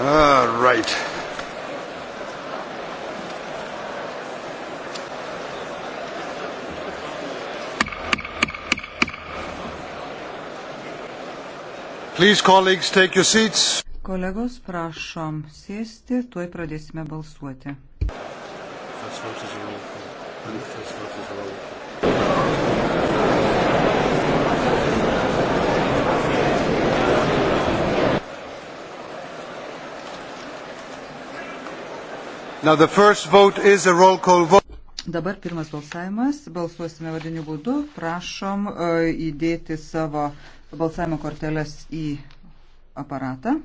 All right. Please, colleagues, take your seats. Kolegos, prašom sėsti, tuoj pradėsime balsuoti. First vote is a roll call. First vote is a roll call. Dabar pirmas balsavimas. Balsuosime vadiniu būdu. Prašom uh, įdėti savo balsavimo korteles į aparatą.